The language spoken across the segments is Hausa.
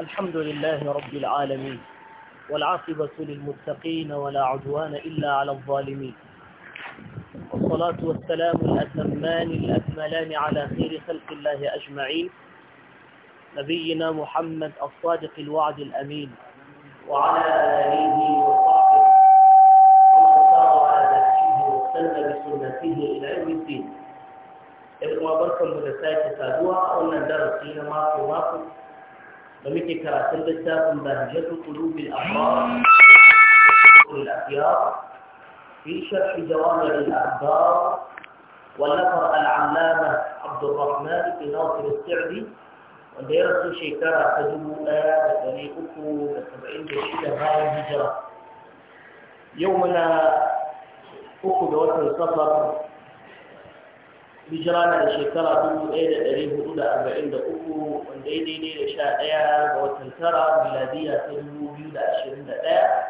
الحمد لله رب العالمين والعاقبة للمتقين ولا عدوان إلا على الظالمين والصلاة والسلام الأتمان الأكملان على خير خلق الله أجمعين نبينا محمد الصادق الوعد الأمين وعلى آله وصحبه ومن على نهجه واستنى بسنته إلى يوم الدين. إذن وبركم مدساك سادوة أو ندرس ماكو في ومثل muke karatun بهجة قلوب الأحرار ahbar في شرح جوامع الأحبار والنفر العلامة عبد الرحمن في ناصر السعدي وديرة شيكارة تجمع وطريقه بسبعين بشدة هاي الهجرة يومنا أخذ وقت السفر hijira na da shekara dubu ɗaya da ɗari hudu da arba'in da uku wanda ya daidai da sha ɗaya ga watan tara miladiya ta dubu biyu da ashirin da ɗaya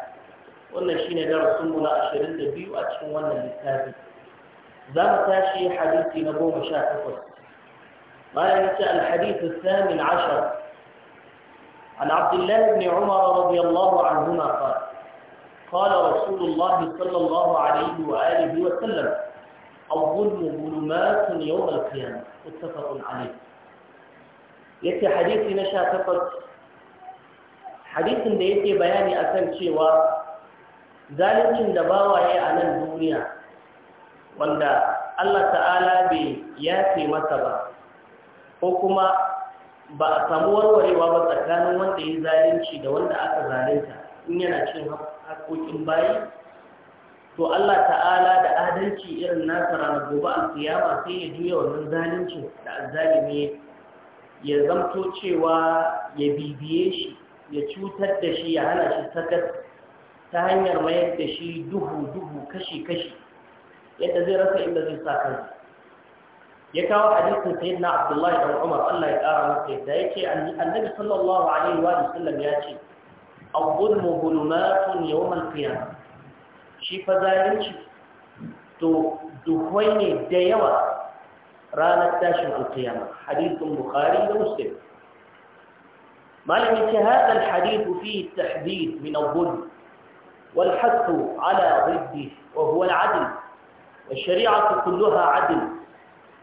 wannan shine darasinmu na ashirin da biyu a cikin wannan littafi za mu tashi hadisi na goma sha takwas bayan yace alhadith الثامن عشر عن عبد الله بن عمر رضي الله عنهما قال قال رسول الله صلى الله عليه وآله وسلم الظلم ظلمات يوم القيامة متفق عليه yace hadisi na sha takwas hadisin da yake bayani akan cewa zaluncin da bawa ya a nan duniya wanda Allah ta'ala bai yafe masa ba ko kuma ba a samu warwarewa ba tsakanin wanda ya zalunci da wanda aka zalunta in yana cin haƙoƙin bayi to Allah ta'ala da adalci irin nasa ranar gobe a alkiyama sai ya juya wannan zalunci da azzalimi ya zamto cewa ya bibiye shi ya cutar da shi ya hana shi sakat ta hanyar mayar da shi duhu duhu kashi kashi yadda zai rasa inda zai sa kansa ya kawo hadisin na Abdullahi dan Umar Allah ya kara masa yadda ce, annabi sallallahu alaihi wa sallam ya ce al-zulmu zulumatun yawm al-qiyamah shi fa zalunci to duhwai ne da yawa ranar tashin alkiyama hadithun bukhari da muslim malam yace hada alhadith fi tahdid min al-dhulm والحث على ضده وهو العدل والشريعة كلها عدل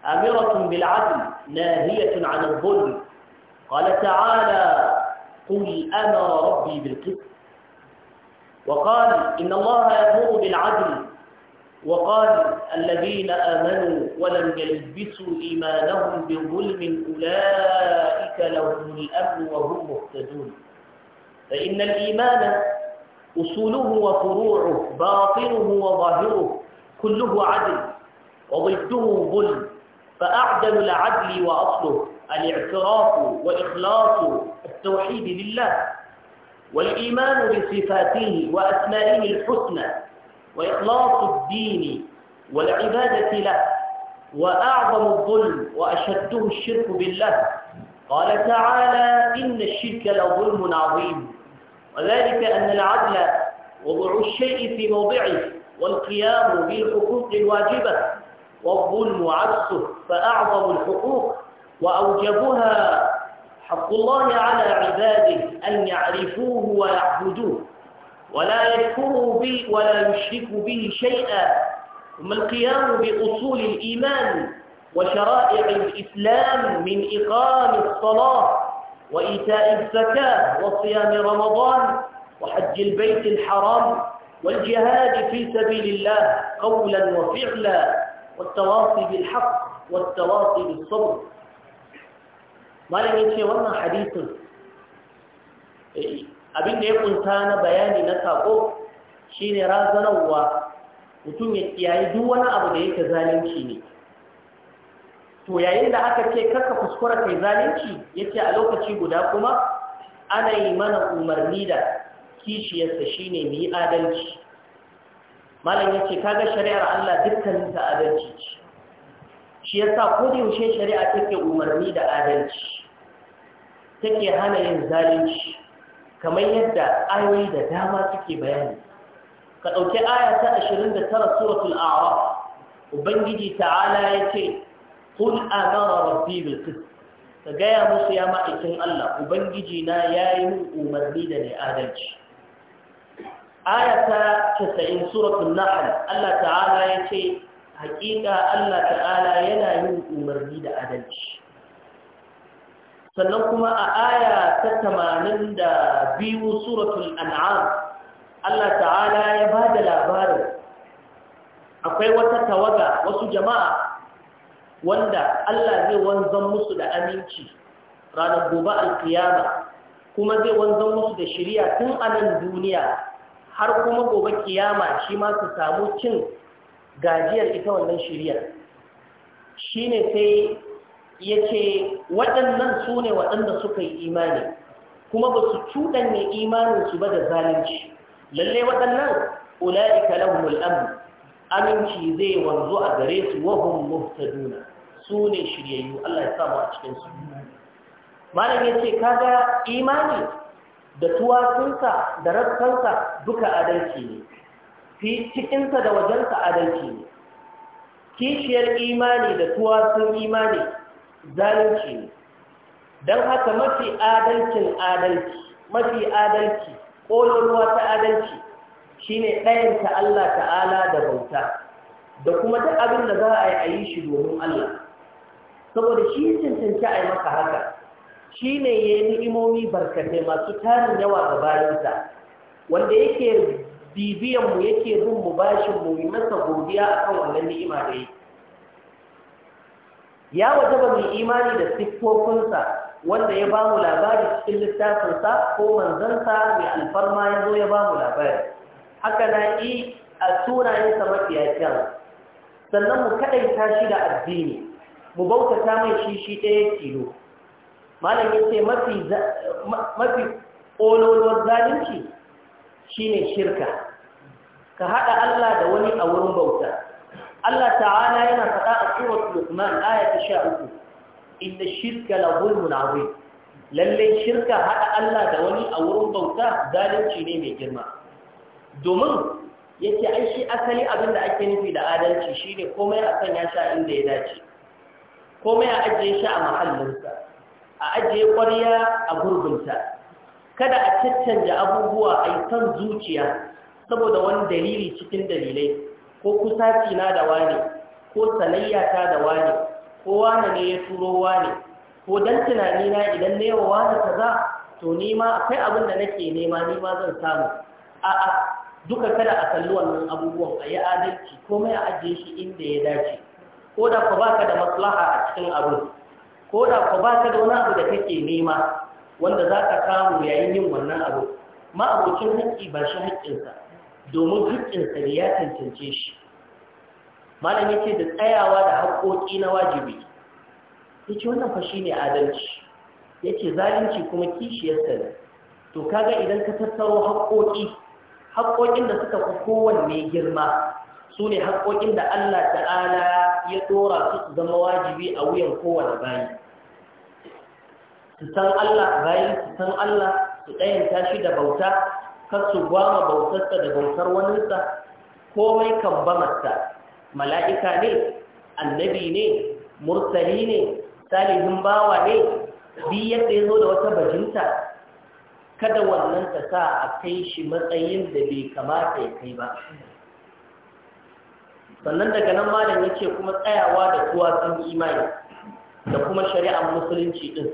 أمرة بالعدل ناهية عن الظلم قال تعالى قل أمر ربي بالقسط وقال إن الله يأمر بالعدل وقال الذين آمنوا ولم يلبسوا إيمانهم بظلم أولئك لهم الأمن وهم مهتدون فإن الإيمان أصوله وفروعه باطنه وظاهره كله عدل وضده ظلم فأعدل العدل وأصله الاعتراف وإخلاص التوحيد لله والإيمان بصفاته وأسمائه الحسنى وإخلاص الدين والعبادة له وأعظم الظلم وأشده الشرك بالله قال تعالى إن الشرك لظلم عظيم وذلك أن العدل وضع الشيء في موضعه والقيام بالحقوق الواجبة والظلم عكسه فأعظم الحقوق وأوجبها حق الله على عباده أن يعرفوه ويعبدوه ولا يذكروا به ولا يشركوا به شيئا ثم القيام بأصول الإيمان وشرائع الإسلام من إقام الصلاة وإيتاء الزكاة وصيام رمضان وحج البيت الحرام والجهاد في سبيل الله قولا وفعلا والتواصي بالحق والتواصي بالصبر malam ya ce wannan hadisin eh, abinda ya kunta na bayani na sako shine razanarwa mutum ya kiyaye duk wani abu da yake zalunci ne to yayin da aka ce karka kuskura kai zalunci yace a lokaci guda kuma ana yi mana umarni da kishiyarsa shine mu yi adalci malam yace kaga shari'ar Allah dukkanin ta adalci ce shi yasa ko da yaushe shari'a take umarni da adalci take hana yin zalunci kamar yadda ayoyi da dama suke bayani ka ɗauki aya ta 29 suratul a'raf ubangiji ta'ala ya ce amara rabbi bil qist ka gaya musu ya ma'aikin Allah ubangiji na yayi min umarni da ne adalci aya ta 90 suratul nahl Allah ta'ala ya ce haƙiƙa Allah ta'ala yana yin umarni da adalci sannan kuma a aya ta tamanin da biyu suratul an'am Allah ta'ala ya ba da labarin akwai wata tawaga wasu jama'a wanda Allah zai wanzan musu da aminci ranar gobe alkiyama kuma zai wanzan musu da shirya tun a nan duniya har kuma gobe kiyama shi ma su samu cin gajiyar ita wannan shirya shi ne sai ya ce waɗannan su ne waɗanda suka yi imani kuma ba su cuɗanya imaninsu ba da zalunci lalle waɗannan ula'ika lahumul amn aminci zai wanzu a gare su wahum muhtaduna su ne shiryayyu Allah ya samu a cikin su malam yace kaga imani da tuwatunsa da rassansa duka adalci ne fi cikinsa da wajensa adalci ne kishiyar imani da tuwatsun imani zalunci ne don haka mafi adalcin adalci mafi adalci ƙololuwa ta adalci shi ne ɗayanta Allah ta'ala da bauta da kuma ta abin da za a yi a yi shi domin Allah saboda shi cancanci a yi maka haka shi ne ya yi ni'imomi barkatai masu tarin yawa ga bayansa wanda yake bibiyanmu yake bin mu bashin yi masa godiya akan wannan ni'ima da yake ya wajaba mai imani da siffofinsa wanda ya bamu labari cikin littafinsa ko manzansa mai alfarma ya zo ya bamu labari haka na yi a sunayensa mafiya kyan sannan mu kaɗaita shi da addini mu bautata mai shi shi ɗaya kilo malam ya ce mafi ƙololuwar zalunci Shi ne shirka ka haɗa Allah da wani a wurin bauta Allah ta'ala yana faɗa a suratul Luqman aya ta uku. inna shirka la zulmun azim lalle shirka hada Allah da wani a wurin bauta zalunci ne mai girma domin yace ai shi asali abin da ake nufi da adalci shine komai a ya inda ya dace komai a ajiye shi a mahallinsa a ajiye ƙwarya a gurbinta kada a caccanja abubuwa a yi kan zuciya saboda wani dalili cikin dalilai ko kusaci na da wane ko salayya ta da wane ko wane ne ya turo wane ko dan tunani na idan ne yawa wane za? to ni ma akwai abin da nake nema ni ma zan samu a'a duka kada a kalli wannan abubuwan a yi adalci komai a ajiye shi inda ya dace ko da ku baka da maslaha a cikin abin ko da ku baka da wani abu da kake nema wanda za ka samu yayin yin wannan abu abokin hakki ba shi hakkinsa domin haƙƙinsa ne ya tantance shi malam ya ce da tsayawa da haƙoƙi na wajibi ya ce wannan fashi ne adalci ya ce zalunci kuma kishiyarsa ne to kaga idan ka tattaro haƙoƙi? Haƙoƙin da suka fi kowanne girma su ne da Allah ta'ala ya ɗora su su zama wajibi a wuyan kowane bayi su san Allah bayan su san Allah su ɗayanta shi da bauta kar su gwama bautarsa da bautar waninsa komai kan bamarsa mala'ika ne annabi ne mursali ne salihin bawa ne bi yadda ya zo da wata bajinta kada wannan ta sa a kai shi matsayin da bai kamata ya kai ba sannan daga nan malam ya ce kuma tsayawa da sun imani da kuma shari'ar musulunci din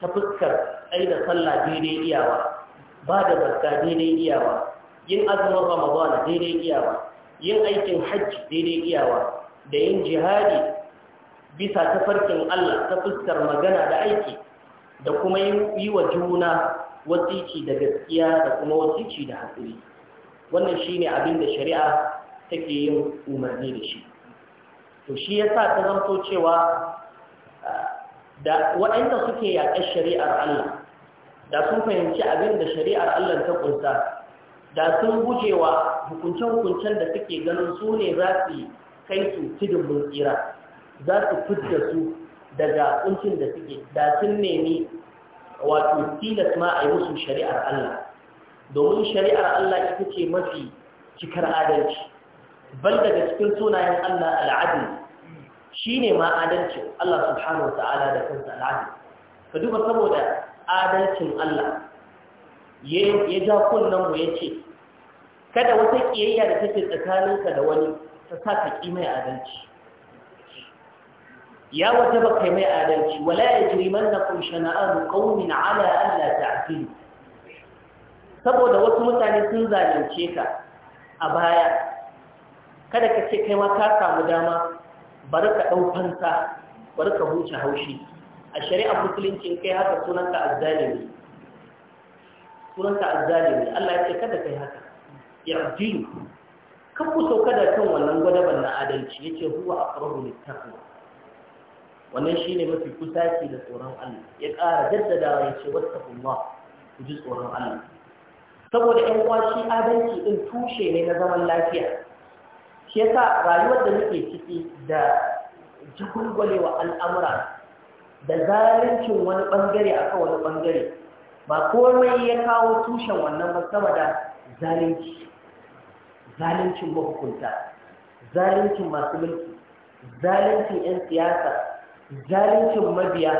ta fuskar tsaye da sallah daidai iyawa ba da zarka daidai iyawa yin azumin ramadan daidai iyawa yin aikin hajji daidai iyawa da yin jihadi bisa ta farkin Allah ta fuskar magana da aiki da kuma yi wa juna wasici da gaskiya da kuma wasici da haƙuri wannan shi ne abin da shari'a take yin umarni da shi to shi ya sa ta zanto cewa da waɗanda suke yaƙar shari'ar Allah da sun fahimci abin da shari'ar Allah ta kunsa da sun gujewa hukunce-hukuncen da suke ganin su ne za su kai su tudun bulkira za su fidda su daga kuncin da suke da sun nemi wato tilas ma a yi musu shari'ar Allah domin shari'ar Allah ita ce mafi cikar adalci bal daga cikin sunayen Allah al'adu shine ne ma adalci Allah subhanahu wa ta'ala da kansa al'adu, ka duba saboda adalcin Allah ya ja kunnan mu ya ce kada wata kiyayya da take ka da wani ta sa ka ƙi mai adalci ya wata ba kai mai adalci wala ya jiri manna kun shana'anu ƙaunin ala Allah ta saboda wasu mutane sun zalunce ka a baya kada ka ce kai ma ka samu dama bari ka ɗau fansa bari ka huce haushi a shari'a musulunci kai haka sunanka azzalimi sunanka azzalimi Allah ya ce kada kai haka yarjilu kan ku sauka da kan wannan gwadaban na adalci yace huwa aqrabu littaqwa wannan shine mafi kusaci da tsoron Allah ya ƙara jaddadawa yace wattaqullah ku ji tsoron Allah saboda ƴan uwa shi adalci din tushe ne na zaman lafiya shi yasa rayuwar da muke ciki da jigulgulewa al'amura da zalincin wani bangare kan wani bangare ba komai ya kawo tushen wannan ba sama da zalunci zaluncin mahukunta zaluncin masu mulki zaluncin 'yan siyasa zaluncin mabiya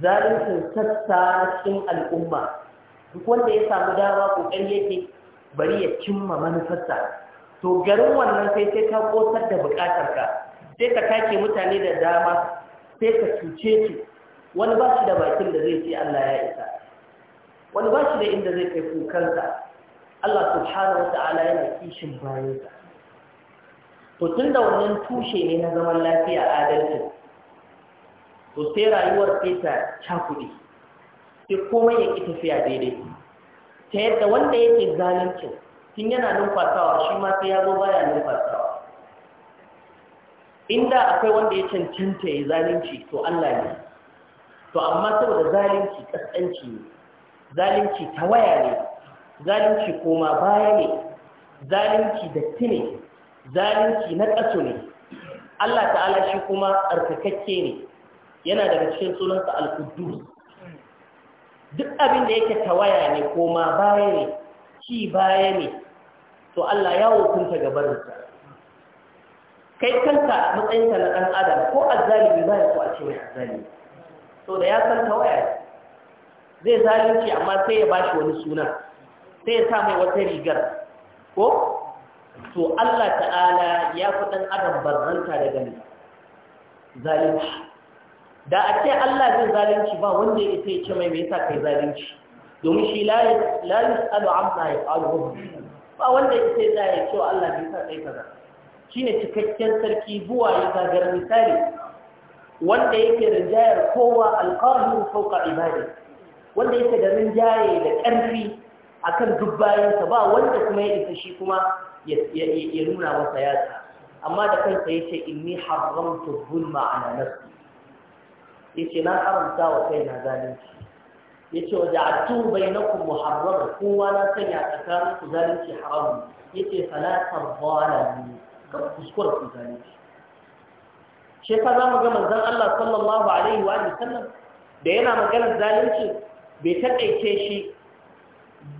zaluncin sassa cikin al'umma duk wanda ya samu dama kokari yake bari ya cimma manufarsa to garin wannan sai sai ka kosar da bukatarka sai ka take mutane da dama sai ka cuce ki wani ba shi da bakin da zai ce Allah ya isa wani ba shi da inda zai kai kukansa Allah subhanahu wa ta'ala yana kishin bayansa to tun da wannan tushe ne na zaman lafiya adalci to sai rayuwar sai ta cakuɗe sai komai ya ki tafiya daidai ta yadda wanda yake zalunci tun yana numfasawa shi ma sai ya zo baya numfasawa inda akwai wanda ya cancanta ya zalunci to Allah ne to amma saboda zalunci kaskanci ne zalunci tawaya ne zalunci koma baya ne zalunci datti ne zalunci na ƙasu ne Allah ta'ala shi kuma tsarkakakke ne yana daga cikin sunansa al-quddus duk abin da yake tawaya ne koma baya ne ci baya ne to Allah ya hukunta gabarinsa kai kanka matsayinka na ɗan adam ko zalibi ba ya so a ce mai azzalimi so da ya san tawaya zai zalunci amma sai ya bashi wani suna sai ya sa mai wata rigar ko to Allah ta'ala ya fi ɗan adam barranta daga ne zalunci da a ce Allah zai zalunci ba wanda ya ya ce mai mai sa kai zalunci domin shi la yus'alu amma yaf'aluhu ba wanda ya ce ya ce Allah bai sa kai kaza ne cikakken sarki buwa ya zagar misali wanda yake rinjayar kowa alqahiru fawqa ibadi wanda yake da rinjaye da ƙarfi akan duk bayansa ba wanda kuma ya isa shi kuma ya nuna masa yasa amma da kansa yace inni haramtu zulma ala Ya yace na haramta wa na zalunci yace wa ja'altu bainakum muharrama kowa na sanya tsakaninku zalunci haramun yace na tadhalamu kar kuskura ku zalunci shi ka za mu ga manzon Allah sallallahu alaihi wa sallam da yana maganar zalunci bai taƙaice shi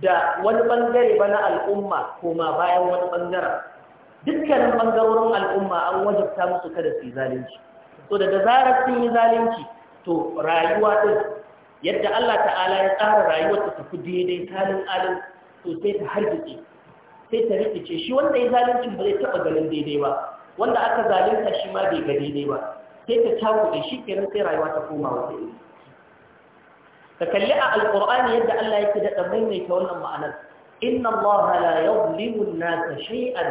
da wani bangare ba na al'umma ko ma bayan wani bangaren dukkanin bangarorin al'umma an wajabta musu kada su yi zalunci to da zarar sun yi zalunci to rayuwa din yadda Allah ta'ala ya tsara rayuwar ta tafi daidai talin alin to sai ta hargitse sai ta rikice shi wanda ya zaluncin ba zai taɓa ganin daidai ba wanda aka zalunta shi ma bai ga daidai ba sai ta cakuɗe shi kenan sai rayuwa ta koma wata iri ka kalli a alƙur'ani yadda Allah yake daɗa maimaita wannan ma'anar inna Allah la yuzlimu an-nasa shay'an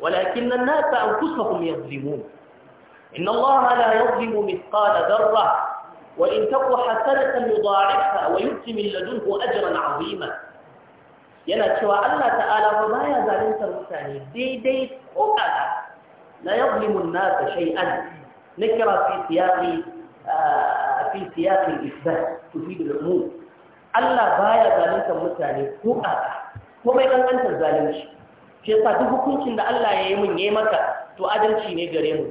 walakin an-nasa anfusahum yuzlimun inna Allah la yuzlimu mithqala dharra wa in taqu hasanatan yudha'ifha wa yu'ti min ladunhu ajran 'azima yana cewa Allah ta'ala ba baya zaluntar mutane daidai ko kaza la yuzlimu an-nas shay'an nikra fi siyaqi ah, fi siyaqi al-isbat tufid al-umum Allah baya zaluntar mutane ko kaza ko bai kankanta zalunci sai fa duk hukuncin da Allah ya yi mun yayi maka to adalci ne gare mu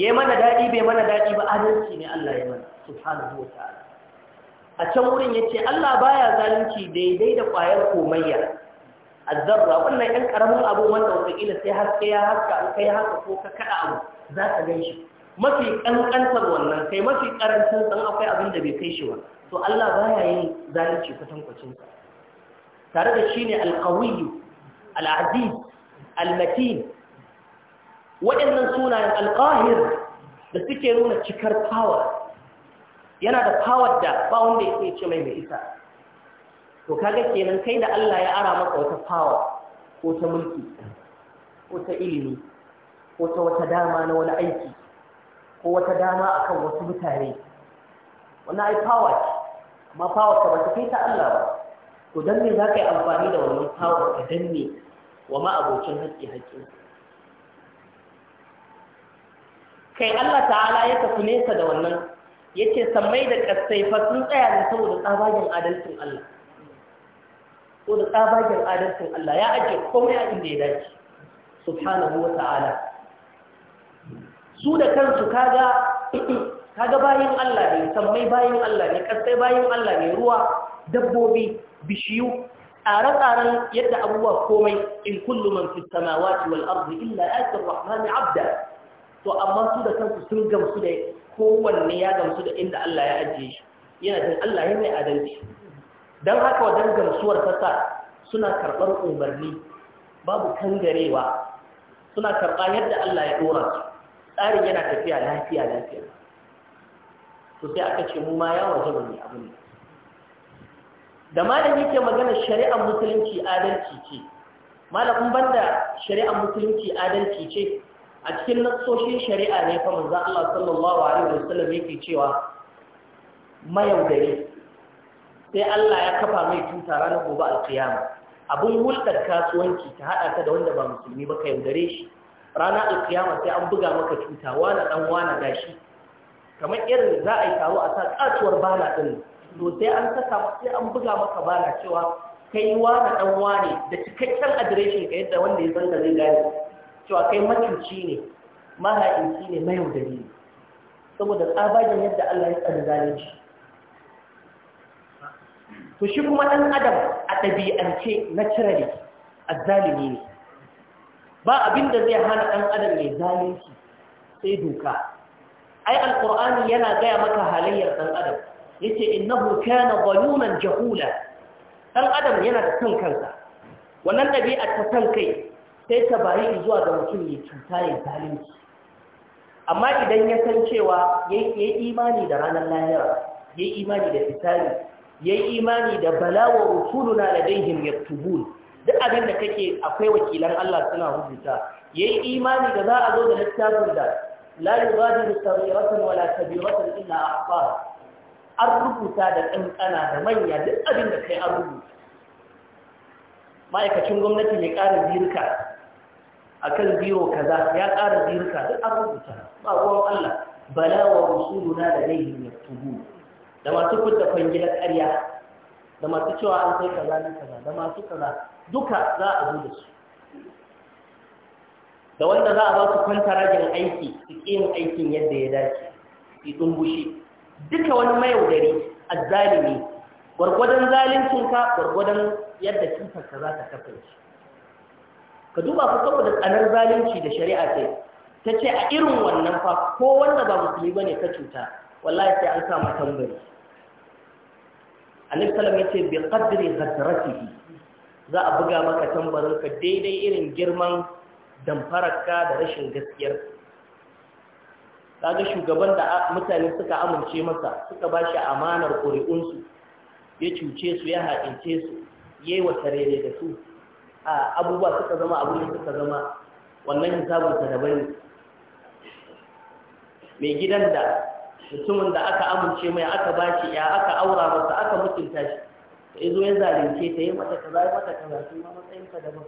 yayi mana dadi bai mana dadi ba adalci ne Allah ya mana subhanahu wa ta'ala a can wurin ya ce Allah baya zalunci daidai da ƙwayar komayya a zarra wannan 'yan ƙaramin abu wanda wataƙila sai haske ya haska an kai haka ko ka kaɗa abu za ka gan shi mafi ƙanƙantar wannan kai mafi ƙarancin san akwai abin da bai kai shi ba to Allah baya yin zalunci kwatankwacin sa tare da shi ne alƙawiyu al'aziz Almatin, waɗannan sunayen alƙahir da suke nuna cikar power yana da power da ba wanda ya ce mai mai isa to kaga kenan kai da Allah ya ara maka wata power ko ta mulki ko ta ilimi ko ta wata dama na wani aiki ko wata dama akan wasu mutane wannan ai power ce amma power ta ba ta kai ta Allah ba to dan me zaka yi amfani da wannan power ka danne wa ma abokin haƙƙi haƙƙin kai Allah ta'ala ya tafi nesa da wannan yace sammai da kasai fa sun tsaya da saboda tsabagen adalcin Allah ko tsabagen adalcin Allah ya ajiye komai a inda ya dace subhanahu wa ta'ala su da kansu kaga kaga bayin Allah ne sammai bayin Allah ne kasai bayin Allah ne ruwa dabbobi bishiyu tsare-tsaren yadda abubuwa komai in kullu man fi samawati wal ardi illa atir rahmani abda to amma su da kansu sun gamsu da kowanne ya gamsu da inda Allah ya ajiye shi yana jin Allah ya mai adalci don haka wajen gamsuwar tasa suna karɓar umarni babu kangarewa suna karɓa yadda Allah ya ɗora su tsarin yana tafiya lafiya lafiya to sai aka ce mu ma ya waje wani abin ne da malam yake magana shari'ar musulunci adalci ce malamin banda shari'ar musulunci adalci ce a cikin nassoshin shari'a ne fa manzo Allah sallallahu alaihi wasallam yake cewa mayaudari sai Allah ya kafa mai tuta ranar gobe alkiyama abun hulɗar kasuwanci ta haɗa ka da wanda ba musulmi ba ka yaudare shi ranar alkiyama sai an buga maka tuta wani dan wani gashi kamar irin za a yi taro a sa ƙatuwar bana din to sai an saka sai an buga maka bana cewa kai wani dan wani da cikakken adireshin ga yadda wanda ya zanga zai gane cewa kai macuci ne mahaici ne mayaudari ne saboda tsabagen yadda Allah ya tsada zalunci to shi kuma ɗan adam a ɗabi'ance na a zalimi ne ba abin da zai hana ɗan adam mai zalunci sai doka ai alƙur'ani yana gaya maka halayyar ɗan adam ya ce innahu kana zaluman jahula ɗan adam yana da son kansa wannan ɗabi'ar ta son kai sai ta bayi zuwa ga mutum ya cuta ya zalunci amma idan ya san cewa ya yi imani da ranar lahira ya yi imani da fitari ya yi imani da balawa rusuluna da daihin ya tubul duk abin da kake akwai wakilan Allah suna rubuta ya yi imani da za a zo da littafin da la yugadiru sarratan wala ina illa fara an rubuta da kankana da manya duk abin da kai an rubuta ma'aikacin gwamnati mai ƙarin birka akan biro kaza ya ƙara birka duk an rubuta ba ruwan Allah bala wa rusuluna da laihi yaktubu da masu fitta fangilar ƙarya da masu cewa an sai kaza ne kaza da masu kaza duka za a zo da su da wanda za a ba su kwanta ragin aiki su yin aikin yadda ya dace su dumbushe duka wani mayaudari azzalimi gwargwadon zalincinka gwargwadon yadda ka za ta shi. ka duba fa saboda tsanar zalunci da shari'a ce ta ce a irin wannan fa ko wanda ba musulmi bane ka cuta wallahi sai an sa tambari annabi sallallahu alaihi wasallam ya ce bi qadri ghadratihi za a buga maka tambarin ka daidai irin girman damfararka da rashin gaskiyar kaga shugaban da mutane suka amince masa suka ba shi amanar ƙuri'unsu ya cuce su ya haɗince su yayi wa tarere da su abubuwa suka zama abin da suka zama wannan hisabinsa daban ne mai gidan da mutumin da aka amince mai aka bashi ya aka aura masa aka mutunta shi ya zo ya zalunce ta yi mata kaza ya mata kaza shi ma ka daban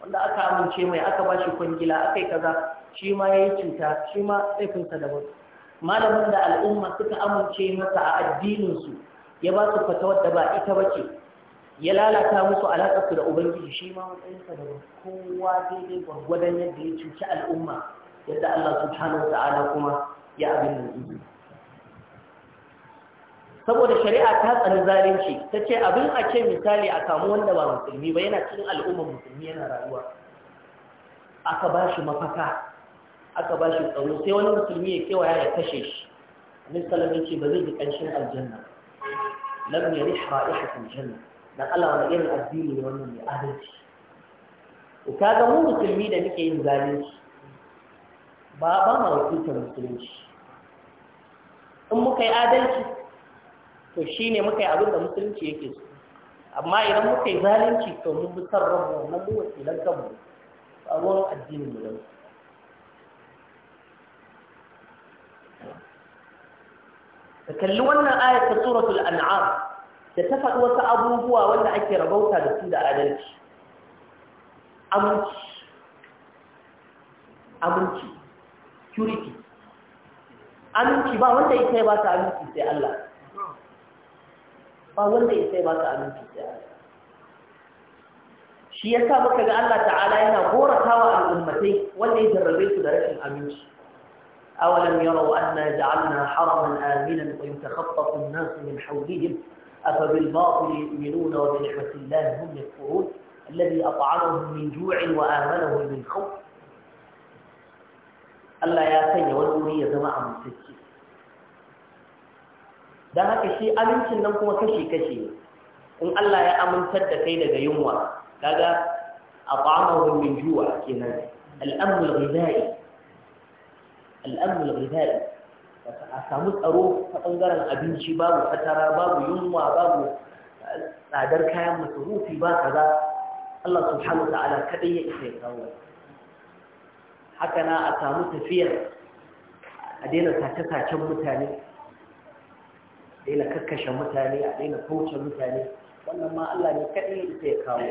wanda aka amince mai aka bashi kwangila aka yi kaza shi ma ya yi cuta shi ma laifinsa daban malamin da al'umma suka amince masa a addininsu ya ba su fatawar da ba ita ba ce ya lalata musu alaƙarsu da ubangiji shi ma matsayinsa da kowa daidai gwargwadon yadda ya cuci al'umma yadda Allah subhanahu ta'ala kuma ya abin da saboda shari'a ta tsani zalunci ta ce abin a ce misali a samu wanda ba musulmi ba yana cikin al'ummar musulmi yana rayuwa aka ba shi mafaka aka ba shi tsaro sai wani musulmi ya kewaya ya kashe shi annabi sallallahu alaihi wasallam ce ba zai ji ƙanshin aljanna lam yarih ra'ihatul janna dan Allah wani irin addini ne wannan mai adalci to kaga mu musulmi da muke yin zalunci ba ba ma wakiltar musulunci in muka yi adalci to shine muka yi abin da musulunci yake so amma idan muka yi zalunci to mun bi san rabu na mu wakilan kanmu a ruwan addinin mu dan ka kalli wannan ayat ta suratul an'am da ta faɗi wasu abubuwa wanda ake rabauta da su da adalci aminci aminci purity aminci ba wanda ya sai ba ta aminci sai Allah ba wanda ya sai ba ta aminci sai Allah shi ya sa muka ga Allah ta'ala yana goratawa al'ummatai wanda ya jarrabe su da rashin aminci أولم يروا أنا جعلنا حرما آمنا ويتخطف الناس من حولهم أفبالباطل يؤمنون وبنعمة الله هم يكفرون الذي أطعمهم من جوع وآمنهم من خوف ألا ياتي والأولية زماعة من سجي ده كشي أمنش أنكم كشي كشي إن ألا يا أمن سد كيدا يموى كذا أطعمهم من جوع كنا الأمن الغذائي الأمن الغذائي a samu tsaro ta ɓangaren abinci babu fatara babu yunwa babu tsadar kayan masarufi ba za Allah subhanahu ta'ala kadai ya isa ya kawo haka na a samu tafiyar a daina sace-sacen mutane a daina kakkashe mutane a daina kauce mutane wannan ma Allah ne kadai ya isa ya kawo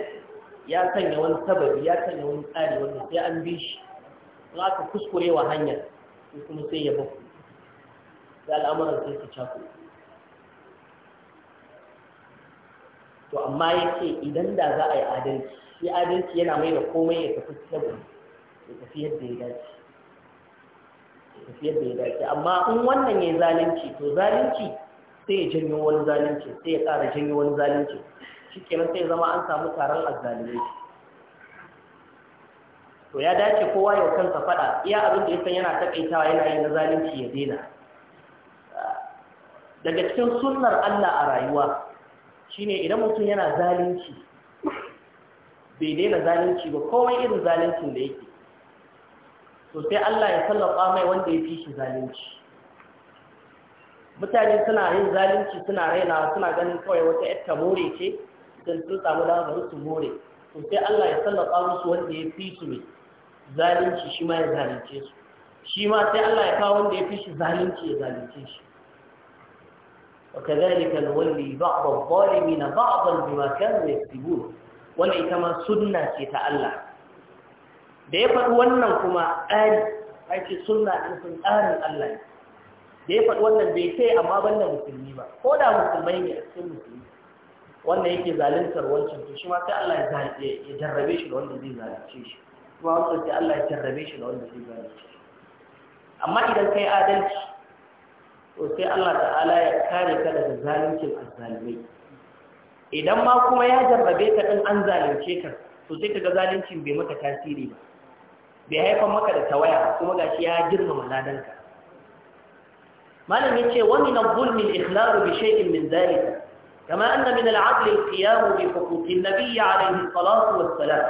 ya sanya wani sababi ya sanya wani tsari wanda sai an bi shi za ka wa hanyar kuma sai ya bafu sai al'amuran sai su cako to amma ya ce idan da za a yi adalci shi adalci yana mai da komai ya tafi sabon ya tafi yadda ya dace ya tafi yadda ya dace amma in wannan ya zalunci to zalunci sai ya janyo wani zalunci sai ya ƙara janyo wani zalunci shi kenan sai zama an samu taron azzalumai to ya dace kowa ya kansa faɗa iya abin da ya san yana taƙaitawa yana yi na zalunci ya daina daga cikin sunnar Allah a rayuwa shine idan mutum yana zalunci bai daina zalunci ba komai irin zaluncin da yake to sai Allah ya sallafa mai wanda ya fi shi zalunci mutane suna yin zalunci suna raina suna ganin kawai wata yar more ce idan sun samu damar su more to sai Allah ya sallafa musu wanda ya fi su mai zalunci shi ma ya zalunce su shi ma sai Allah ya kawo wanda ya fi shi zalunci ya zalunce shi وكذلك نولي بعض الظالمين بعضا بما كانوا يكسبون wannan ita ma sunna ce ta Allah da ya faɗi wannan kuma sunna sun tsarin Allah da ya faɗi wannan bai sai amma ban da musulmi ba ko da musulmai ne a cikin musulmi wannan yake zaluntar wancan to shi ma sai Allah ya jarrabe shi da wanda zai zalunce shi kuma sai Allah ya jarrabe shi da wanda zai zalunce shi amma idan kai adalci to sai Allah ta'ala ya kare ka daga zaluncin azzalimai idan ma kuma ya jarrabe ka din an zalunce ka to sai kaga zaluncin bai maka tasiri ba bai haifar maka da tawaya kuma gashi ya girmama ladanka malam yace wa min al-zulm al-ikhlaru bi shay'in min dhalika kama anna min al-'adl al-qiyam bi huquq an-nabiy alayhi salatu was-salam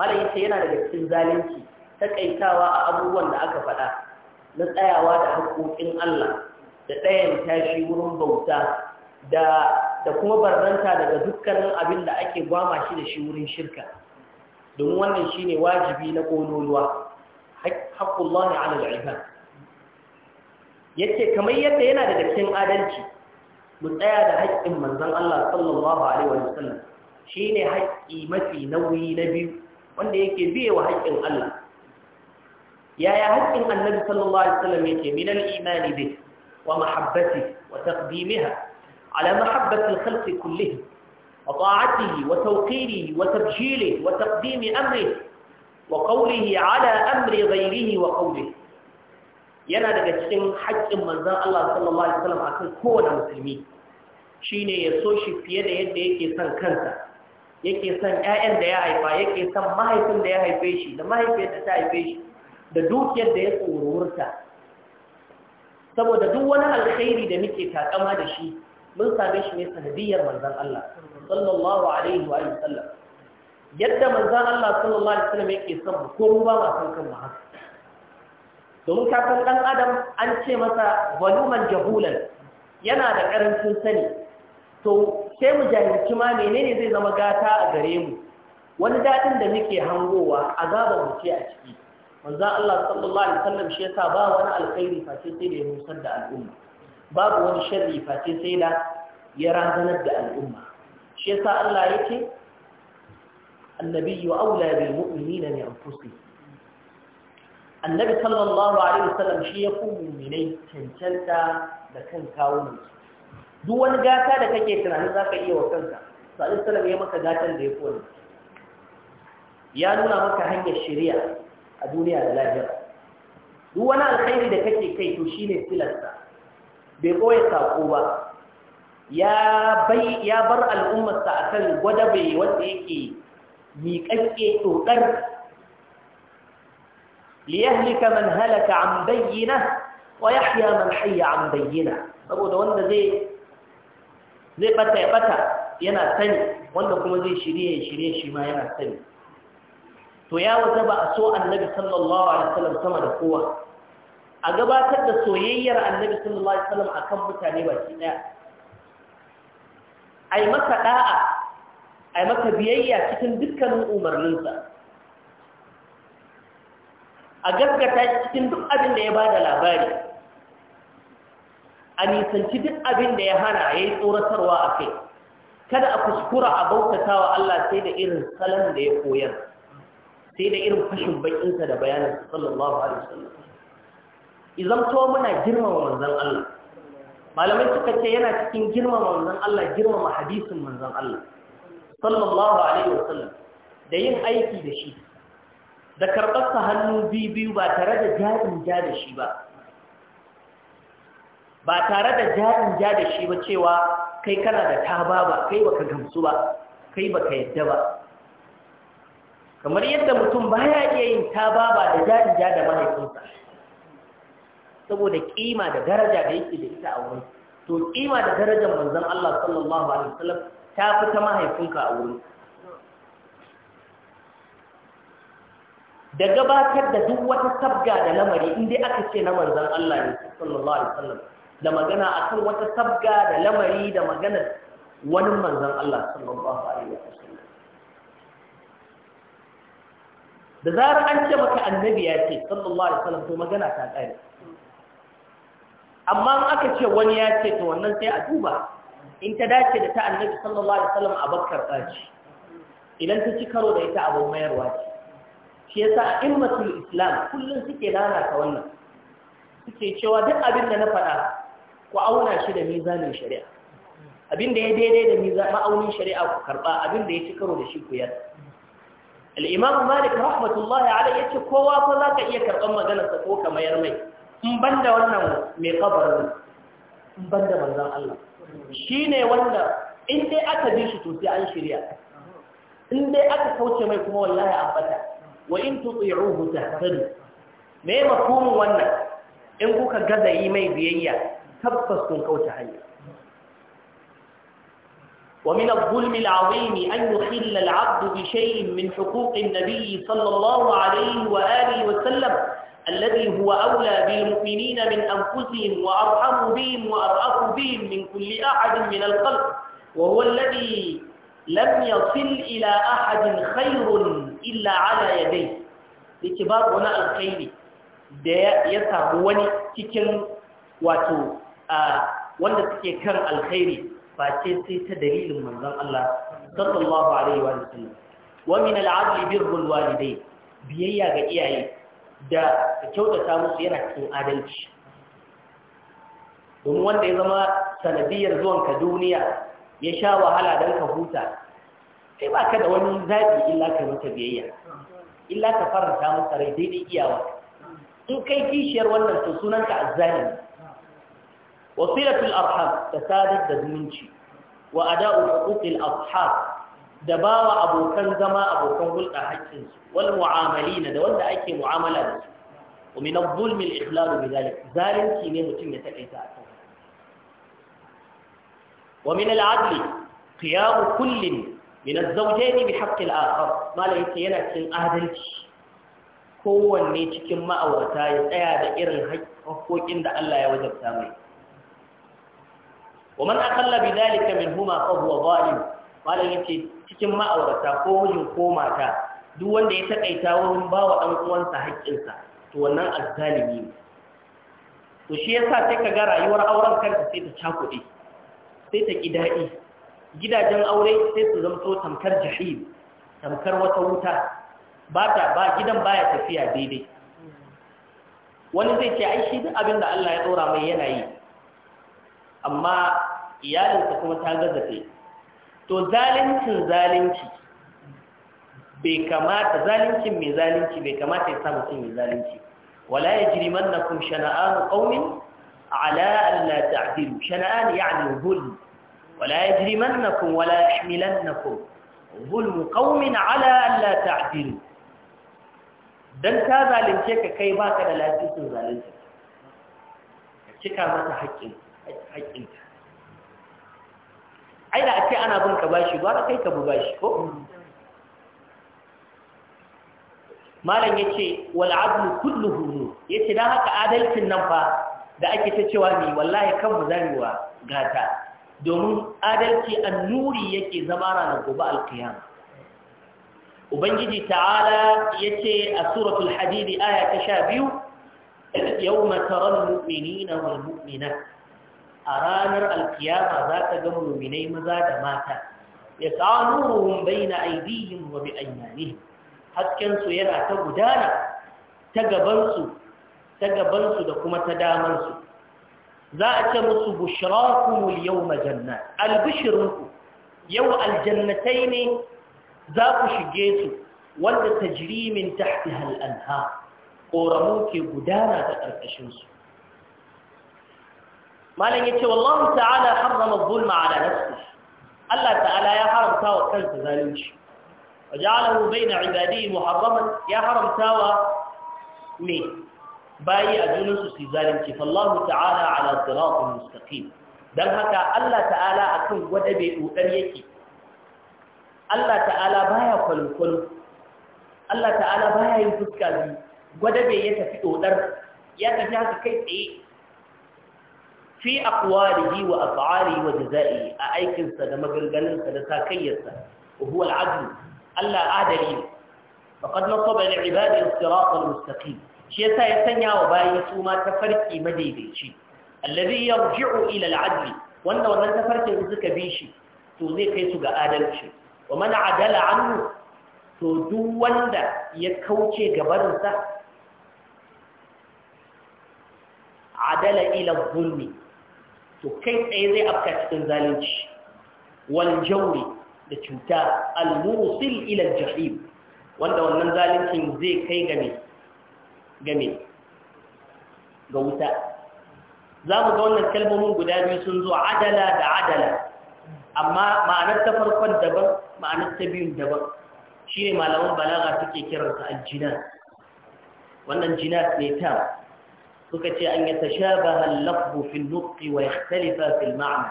malam yace yana daga cikin zalunci takaitawa a abubuwan da aka faɗa na tsayawa da haƙoƙin Allah da ɗayan tashi wurin bauta da kuma barranta daga dukkanin abin da ake gwama shi da shi wurin shirka domin wannan shine wajibi na ƙololuwa haƙƙullahi ala al'ibad yake kamar yadda yana da dakin adalci mu tsaya da haƙƙin manzon Allah sallallahu alaihi wa sallam shine haƙƙi mafi nauyi na biyu wanda yake biye wa haƙƙin Allah yaya haƙƙin annabi sallallahu alaihi wasallam yake min al-iman bi wa mahabbati wa taqdimiha ala mahabbati al-khalq kullihim wa ta'atihi wa tawqirihi wa tabjilihi wa taqdimi amrihi wa qawlihi ala amri ghayrihi wa qawlihi yana daga cikin haƙƙin manzon Allah sallallahu alaihi wasallam akan kowane musulmi shine ya so shi fiye da yadda yake son kansa yake son ƴaƴan da ya haifa yake son mahaifin da ya haife shi da mahaifiyar da ta haife shi da dukiyar da ya wurta. saboda duk wani alkhairi da muke takama da shi mun same shi ne sanadiyar manzan Allah sallallahu alaihi wa sallam yadda manzan Allah sallallahu alaihi wa yake son mu ko ruwa kan haka adam an ce masa waluman jahulan yana da karancin sani to sai mu jahilci ma menene zai zama gata a gare mu wani dadin da muke hangowa azabar mu a ciki manzan Allah sallallahu Alaihi wasallam shi yasa ba wani alkhairi face sai da ya nusar da al'umma babu wani sharri face sai da ya razanar da al'umma shi yasa Allah yake annabi wa aula bil mu'minina min anfusihim annabi sallallahu alaihi wasallam shi ya kuma mu'minai cancanta da kan kawunan duk wani gata da kake tunanin zaka iya wa kanka sallallahu alaihi wasallam ya maka gatan da ya kowa ya nuna maka hanyar shari'a a duniya da lafiya duk wani alkhairi da kake kai to shine silarsa bai koya sako ba ya bai ya bar al'ummarsa akan gwada bai wanda yake miƙaƙƙe li liyahlika man halaka an bayyana wa yahya man hayya an bayyana saboda wanda zai zai bata ya bata yana sani wanda kuma zai shirye shima shirye shi ma yana sani to ya wata ba a so annabi sallallahu alaihi wasallam sama da kowa a gabatar da soyayyar annabi sallallahu alaihi wasallam akan mutane baki daya ai maka da'a ai maka biyayya cikin dukkanin umarninsa a gaskata cikin duk abin da ya bada labari a nisanci duk abin da ya hana ya yi tsoratarwa a kai kada a kuskura a bautata wa Allah sai da irin salon da ya koyar sai da irin fashin bakinsa da bayanin sallallahu alaihi wasallam idan to muna girmama manzon Allah malamai suka ce yana cikin girmama manzon Allah girmama hadisin manzon Allah sallallahu alaihi wasallam da yin aiki da shi da karɓar sa hannu biyu ba tare da jarin ja da shi ba ba tare da jarin ja da shi ba cewa kai kana da taba ba kai baka gamsu ba kai baka yadda ba kamar yadda mutum baya iya yin ta ba da jarija da mahaifinsa saboda kima da daraja da yake da ita a wurin to kima da darajar manzan Allah sallallahu alaihi wasallam ta fi ta mahaifinka a wurin da gabatar da duk wata sabga da lamari inda aka ce na manzan Allah ne sallallahu alaihi wasallam da magana akan wata sabga da lamari da maganar wani manzan Allah sallallahu alaihi wasallam da zarar an ce maka annabi ya ce sallallahu alaihi wasallam to magana ta kare amma in aka ce wani ya ce to wannan sai a duba in ta dace da ta annabi sallallahu alaihi wasallam a bakkar baci idan ta ci karo da ita abin mayarwa ce shi yasa immatul islam kullun suke lalata wannan suke cewa duk abin da na faɗa ku auna shi da mizanin shari'a abin da ya daidai da ma'aunin shari'a ku karɓa abin da ya ci karo da shi ku yarda? al'imam malik rahmatullahi ala ya ce kowa ko za ka iya karɓar maganarsa ko ka mayar mai in ban da wannan mai kabarin in ban da manzan Allah shi ne wanda in dai aka bi shi to an shirya in dai aka kauce mai kuma wallahi an bata wa in tuti'uhu tahtadu me mafhumin wannan in kuka gaza yi mai biyayya tabbas kun kauce hanya ومن الظلم العظيم أن يخل العبد بشيء من حقوق النبي صلى الله عليه وآله وسلم الذي هو أولى بالمؤمنين من أنفسهم وأرحم بهم وأرأف بهم من كل أحد من الخلق وهو الذي لم يصل إلى أحد خير إلا على يديه لكباب هنا الخير da ya samu wani cikin wato wanda suke kan alkhairi face sai ta dalilin manzon Allah sallallahu alaihi wa sallam wa min al'adli birrul walidai biyayya ga iyaye da kyautata musu yana cikin adalci domin wanda ya zama sanadiyar zuwan ka duniya ya sha wahala don ka huta kai ba ka da wani zaɓi illa ka mata biyayya illa ka faranta masa rai daidai iyawa in kai kishiyar wannan to sunanka azzalimi wasilatul arham da sadar da zumunci wa ada'u huquqil ashab da bawa abokan zama abokan hulɗa haƙƙin su wal mu'amalina da wanda ake mu'amala da su wa min adh-dhulmi zalunci ne mutum ya takaita a kan wa min al-adl qiyam kullin min az-zawjayn bi haqqi al yana cin adalci kowanne cikin ma'aurata ya tsaya da irin haƙƙoƙin da Allah ya wajabta mai wa man aqalla bi zalika minhuma fa huwa zalim yace cikin ma'aurata ko mijin ko mata duk wanda ya takaita wurin ba wa dan uwansa haƙƙinsa to wannan azzalimi ne to shi yasa sai kaga rayuwar auren kanta sai ta cakude sai ta ki daɗi gidajen aure sai su zama tamkar jahim tamkar wata wuta ba ta ba gidan baya tafiya daidai wani zai ce ai shi duk abin da Allah ya dora mai yana yi amma iyalinsa kuma ta gazzafe to zalincin zalunci bai kamata zalincin mai zalunci bai kamata ya sa mutum mai zalunci wala ya jiri mannakun shana'anu ƙaunin ala Allah ta'adilu ya ya'ani zulmi wala ya jiri mannakun wala ya shimilan na kun zulmi ƙaunin ala Allah ta'adilu don ta zalunce ka kai baka da lafisun zalunci ka cika mata haƙƙinta ai da a ce ana bin ka bashi ba kai ka bi bashi ko malam ya ce wal'adlu kullu hulu ya ce haka adalcin nan fa da ake ta cewa ne wallahi kanmu zamewa gata domin adalci annuri yake zama ranar gobe alkiyama ubangiji ta'ala ya ce a suratul hadidi aya ta sha biyu yau matarar mu'mini na wal mu'mina a ranar alkiyama za ka ga muminai maza da mata ya sa'anuruhum baina aydihim wa bi hasken su yana ta gudana ta gaban su ta da kuma ta daman su za a ce musu bushrakum al majanna jannat al yau aljannatai ne za ku shige su wanda tajri min tahtiha hal'alha. ƙoramu ke gudana ta ƙarƙashinsu malam yace wallahu ta'ala harrama adh-dhulma ala nafsihi Allah ta'ala ya haramta wa kansa zalunci waja'alahu baina ibadihi muharraman ya haramta wa me bayi a junan su zalunci fallahu ta'ala ala siratin mustaqim dan haka Allah ta'ala akan gwada bai dudar yake Allah ta'ala baya kwalkwalo Allah ta'ala baya yin fuska biyu gwada bai ya tafi dodar ya tafi haka kai tsaye fi aqwalihi wa af'alihi wa jazaihi a aikinsa da maganganunsa da sakayyarsa huwa al-adl Allah adali faqad nasaba lil ibadi as-sirat al-mustaqim shi yasa ya sanya wa bayi su ma tafarki madaidaici alladhi yarji'u ila al-adl wanda wannan tafarkin suka bi shi to zai kai su ga adalci wa man adala anhu to duk wanda ya kauce gabarinsa adala ila zulmi to kai tsaye zai afka cikin zalunci wal da cuta al musil ila al jahim wanda wannan zaluncin zai kai game game ga wuta za mu ga wannan kalmomin guda biyu sun zo adala da adala amma ma'anar ta farkon daban ma'anar ta biyun daban shi ne malaman balaga suke kiransa aljina wannan jinas ne ta suka ce an yatashabaha al-lafzu fi an-nutqi wa yakhtalifa fi al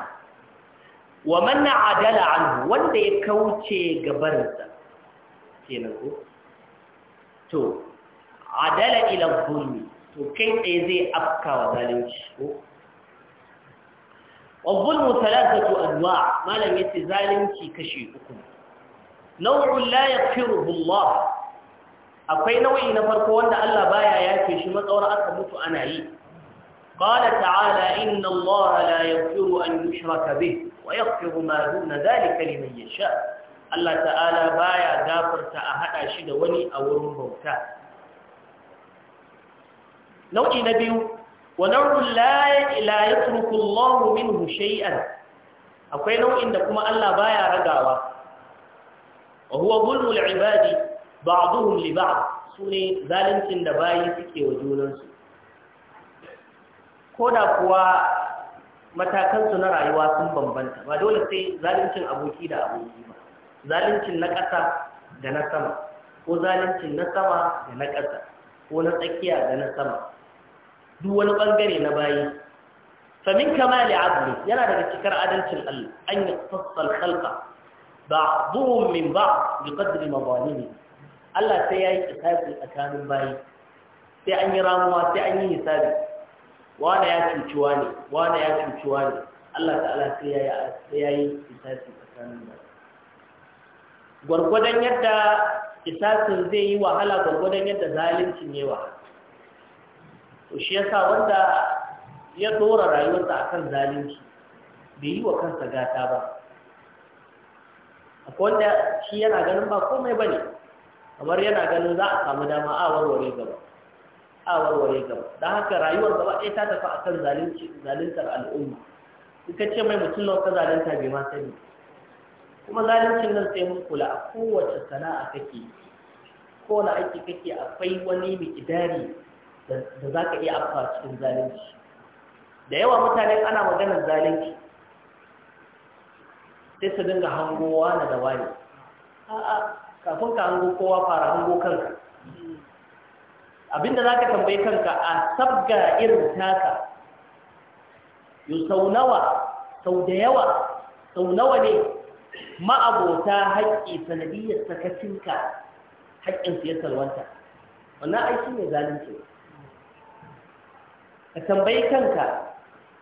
wa man adala wanda ya kauce gabarinsa kenan ko to adala ila zulmi to kai tsaye zai afka wa zalunci ko والظلم ثلاثة أنواع ما لم يتزالنك كشيء أكم نوع لا يغفره الله akwai nau'i na farko wanda Allah baya yafe shi matsawar aka mutu ana yi qala ta'ala inna Allah la yaghfiru an yushraka bih wa yaghfiru ma duna dhalika liman yasha Allah ta'ala baya gafarta a hada shi da wani a wurin bauta nau'i na biyu wa nau'u la la yatruku Allah minhu shay'an akwai nau'in da kuma Allah baya ragawa wa huwa zulmul ibadi ba'duhum li ba'd sune zaluncin da bayi suke wa junansu koda kuwa matakan su na rayuwa sun bambanta ba dole sai zaluncin aboki da aboki ba zaluncin na ƙasa da na sama ko zaluncin na sama da na ƙasa ko na tsakiya da na sama duk wani bangare na bayi famin kamali adli yana daga cikar adalcin Allah an yi tsassal khalqa ba'dhum min ba bi qadri mabalimi Allah sai ya yi hisabi tsakanin bayi sai an yi ramuwa sai an yi hisabi wane ya cuciwa ne wane ya cuciwa ne Allah ta'ala sai ya sai ya yi hisabi tsakanin bayi gurgudan yadda hisabin zai yi wahala gurgudan yadda zalunci ne wa? to shi yasa wanda ya dora rayuwarsa akan zalunci bai yi wa kansa gata ba akwai wanda shi yana ganin ba komai ba ne kamar yana ganin za a samu dama a warware gaba a warware gaba don haka rayuwar gaba ɗaya ta tafi a kan zaluntar al'umma in ce mai mutum na ka zalunta bai ma sani kuma zaluncin nan sai mun kula a kowace sana'a kake kowane aiki kake akwai wani mikidari da za ka iya afka cikin zalunci da yawa mutane ana maganar zalunci sai su dinga hangowa na da wani a'a kafin ka hango kowa fara hango kanka abinda za ka tambayi kanka a sabga irin taka yau sau nawa sau da yawa sau nawa ne ma'abota haƙƙi sanadiyar sakacinka haƙƙin ya salwanta wannan aiki ne zalunci ka tambayi kanka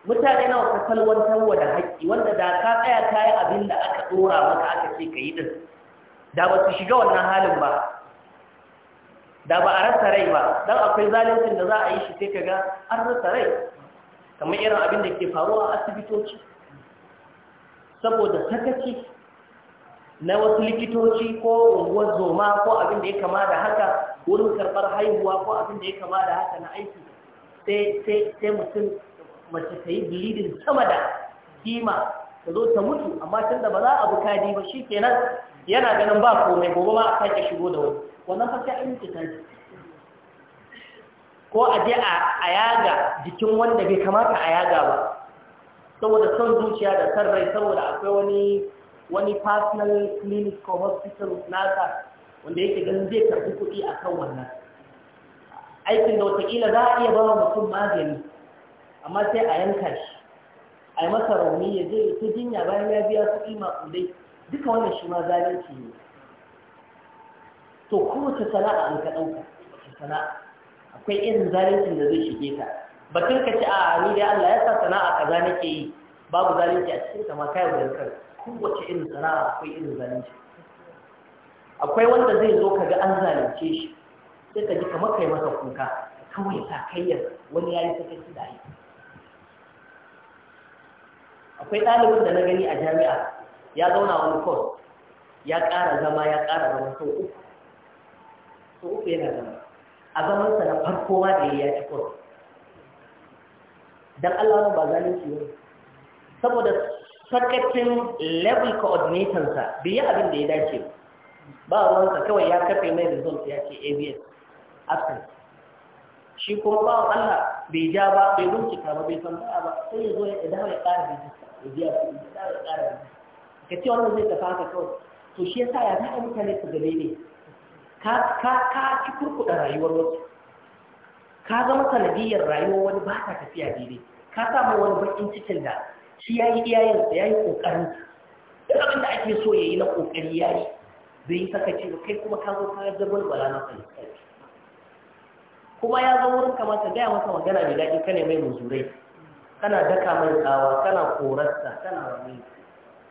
mutane nawa ka salwantarwa wa da haƙƙi wanda da ka tsaya yi abin da aka ɗora maka aka ce ka yi ɗin da ba su shiga wannan halin ba da ba a rasa rai ba don akwai zalincin da za a yi shi sai ga an rasa rai kamar irin abin da ke faruwa a asibitoci saboda sakaci na wasu likitoci ko unguwar zoma ko abin da ya kama da haka wurin karɓar haihuwa ko abin da ya kama da haka na aiki sai mutum mace ta yi bilidin sama da kima ta zo ta mutu amma tun da ba za a bukadi ba shi kenan yana ganin ba komai gobe ba a sake shigo da wani wannan fa sai yi ko a je a yaga jikin wanda bai kamata a yaga ba saboda son zuciya da san rai saboda akwai wani wani personal clinic ko hospital nasa wanda yake ganin zai karfi kuɗi a kan wannan aikin da watakila za a iya ba mutum magani amma sai a yanka shi a yi masa rauni ya je ta jinya bayan ya biya kuɗi maƙudai duka wannan shi ma zalunci ne to kowace sana'a an ka ɗauka ta sana'a akwai irin zaluncin da zai shige ka batun ka ci a ni dai Allah ya sa sana'a kaza nake yi babu zalunci a cikin kama kayan da kai kowace irin sana'a akwai irin zalunci akwai wanda zai zo ka ga an zalunce shi sai ka ji kamar kai masa kuka kawai ta kayyar wani ya yi sakaci da aiki akwai ɗalibin da na gani a jami'a ya zauna wani kwan ya ƙara zama ya ƙara zama sau uku sau uku yana zama a zamansa na farko ma da ya ci kwan don Allah ba zalunci ne saboda sarkacin level coordinatorsa bai yi abin da ya dace ba ruwansa kawai ya kafe mai result ya ce abs absent shi kuma ba Allah bai ja ba bai bincika ba bai san ba sai ya zo ya dawo ya ƙara bincika ya biya kuɗi ya dawo ya ƙara bincika ka ce wannan zai tafi ka kawai to shi yasa ya zaɓa mutane su gare ne ka ka ci kurkuɗa rayuwar wasu ka zama sanadiyyar rayuwar wani ba ta tafiya daidai ka samu wani bakin cikin da shi ya yi iyayensa ya yi ƙoƙarin duk abin da ake so ya yi na ƙoƙari ya yi bai yi saka ba kai kuma ka zo ka zabar bala na kai kuma ya zo wurin kamata gaya masa magana mai daɗi kane mai muzurai kana daka mai tsawa kana korarsa kana wani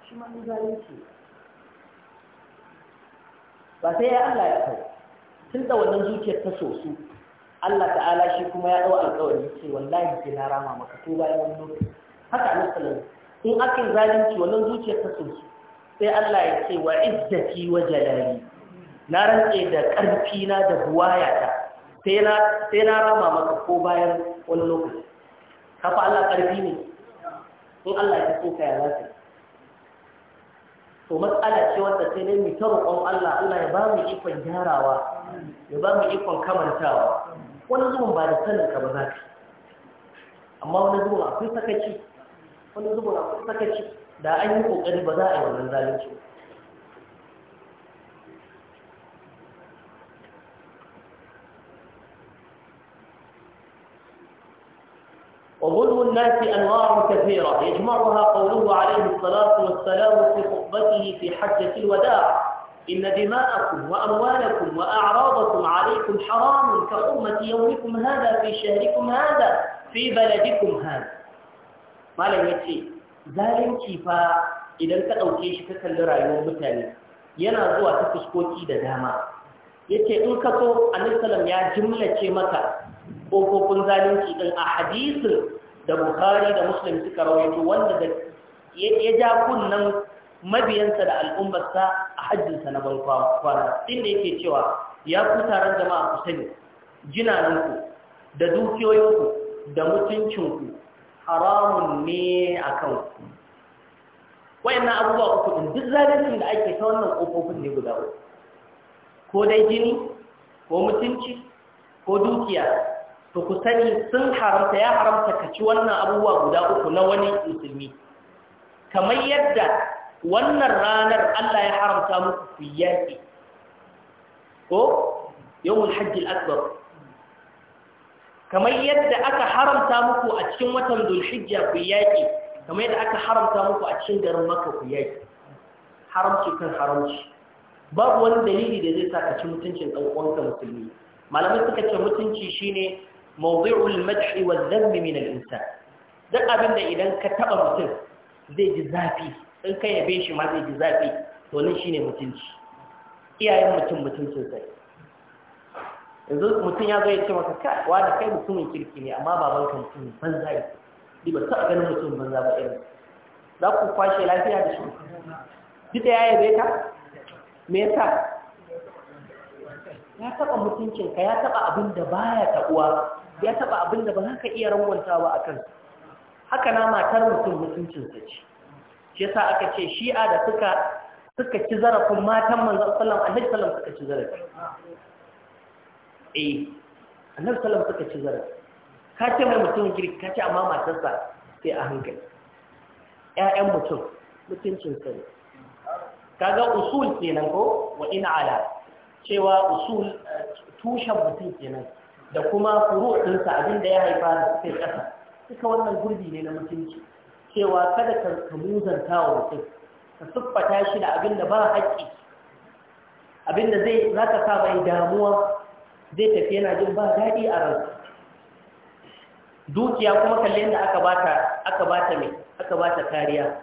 shi ma zai zalunci ba sai ya Allah ya kai tun da wannan zuciyar ta soso Allah ta'ala shi kuma ya dawo alƙawari ce wallahi ke na rama maka to bayan wani lokaci haka a nasarar in aka yi zalunci wannan zuciyar ta soso sai Allah ya ce wa izzati wa jalali na rantse da karfi na da buwaya ta sai na rama maka ko bayan wani lokaci kafa Allah ƙarfi ne in Allah ya so ka ya za to matsala ce wanda sai dai mu ta roƙon Allah Allah ya ba mu ikon gyarawa ya ba mu ikon kamantawa wani zubin ba da sanin ka ba za ka amma wani zubin akwai sakaci wani zubin akwai sakaci da an yi kokari ba za a yi wannan zalunci ba الناس أنواع كثيرة يجمعها قوله عليه الصلاة والسلام في خطبته في حجة الوداع إن دماءكم وأموالكم وأعراضكم عليكم حرام كحرمة يومكم هذا في شهركم هذا في بلدكم هذا ما لم يتفي ذلك كيفا إذا انت أوكيش تكلر عيوم متاني yana zuwa ta fuskoki da dama yake in ka so annabi ya jimlace maka kofofin zalunci din a hadisin da Bukhari da Muslim suka rawaito wanda da ya ja kunnan mabiyansa da al'ummarsa a hajjinsa na bankwana inda yake cewa ya ku taron jama'a ku sani jinananku da dukiyoyinku da mutuncinku haramun ne a kanku wayannan abubuwa uku din duk zalincin da ake ta wannan kofofin ne guda uku ko dai jini ko mutunci ko dukiya to ku sani sun haramta ya haramta ka ci wannan abubuwa guda uku na wani musulmi kamar yadda wannan ranar Allah ya haramta muku ku yaƙi ko yawon hajji al'akbar kamar yadda aka haramta muku a cikin watan dulhijja ku yaƙi kamar yadda aka haramta muku a cikin garin maka ku yaƙi haramci kan haramci babu wani dalili da zai sa ka ci mutuncin ɗan uwanka musulmi malamai suka ce mutunci shine mawdi'ul madhi wa dhanbi min al-insan duk abinda idan ka taba mutum zai ji zafi in kai ya bai shi ma zai ji zafi to nan shine mutunci iyayen mutum mutuncin sai yanzu mutum ya zo ya ce maka ka wani kai mutumin kirki ne amma baban ka mutumin banza ne ni ba ta ganin mutum banza ba irin za ku kwashe lafiya da shi duk ya yabe ka me yasa ya taba ka ya taba abin da baya taɓuwa ya taɓa abin da ba za ka iya ranwantawa a kansu haka na matar mutum mutuncinsa ce shi yasa aka ce shi'a da suka suka ci zarafin matan manzon a annabi salam suka ci zarafi eh annabi salam suka ci zarafi ka ce mai mutum girki ka ce amma matarsa sai a hankali ƴaƴan mutum mutuncinsa ne kaga usul kenan ko wa ina ala cewa usul tushen mutum kenan da kuma furu ɗinsa abin da ya haifa da suke ƙasa duka wannan gurbi ne na mutunci cewa kada ka ka muzanta wa mutum ka siffata shi da abin da ba haƙƙi abin da zai za ka sa mai damuwa zai tafi yana jin ba daɗi a ransa dukiya kuma kalli yadda aka bata aka bata mai aka bata kariya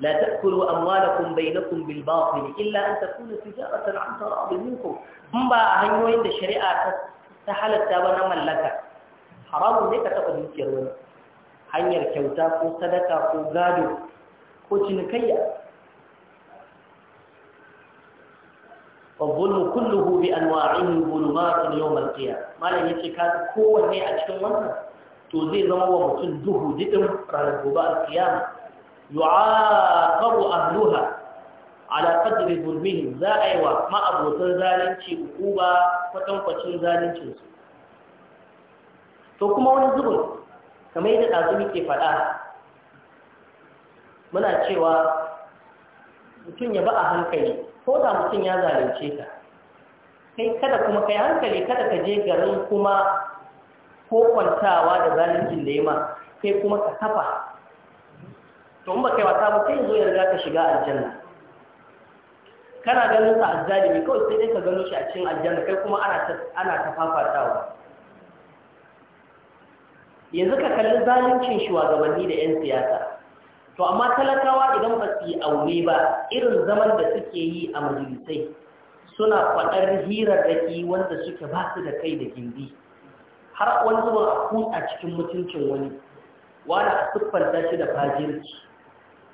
la ta'kulu amwalakum bainakum bil batil illa an takuna tijaratan an tarab minkum in ba a hanyoyin da shari'a ta ta halatta ba na mallaka haramun ne ka taɓa dukiyar wani hanyar kyauta ko sadaka ko gado ko cinikayya an والظلم كله بأنواعه yau malkiya القيامة ya ce kasu kowanne a cikin wannan to zai zama wa mutum duhu didin ranar gobe alkiyama a luha ala qadri zulmihim za a yi wa ma'abotan zalunci hukuma kwatankwacin zaluncin su to kuma wani zubin kamar yadda ɗazumi ke faɗa muna cewa mutum ya ba a hankali ko da mutum ya zalunce ka kai kada kuma kai hankali kada ka je garin kuma ko kwantawa da zaluncin da ya ma kai kuma ka kafa to in ba kai wata ba kai zo ya riga ka shiga aljanna kana ganin sa ne kawai sai dai ka gano shi a cikin aljanna kai kuma ana ta ana ta fafatawa yanzu ka kalli zaluncin shugabanni da yan siyasa to amma talakawa idan ba su yi aure ba irin zaman da suke yi a majalisai suna faɗar hirarraki wanda suke ba su da kai da gindi har wani zuwa a cikin mutuncin wani wani a siffanta shi da fajirci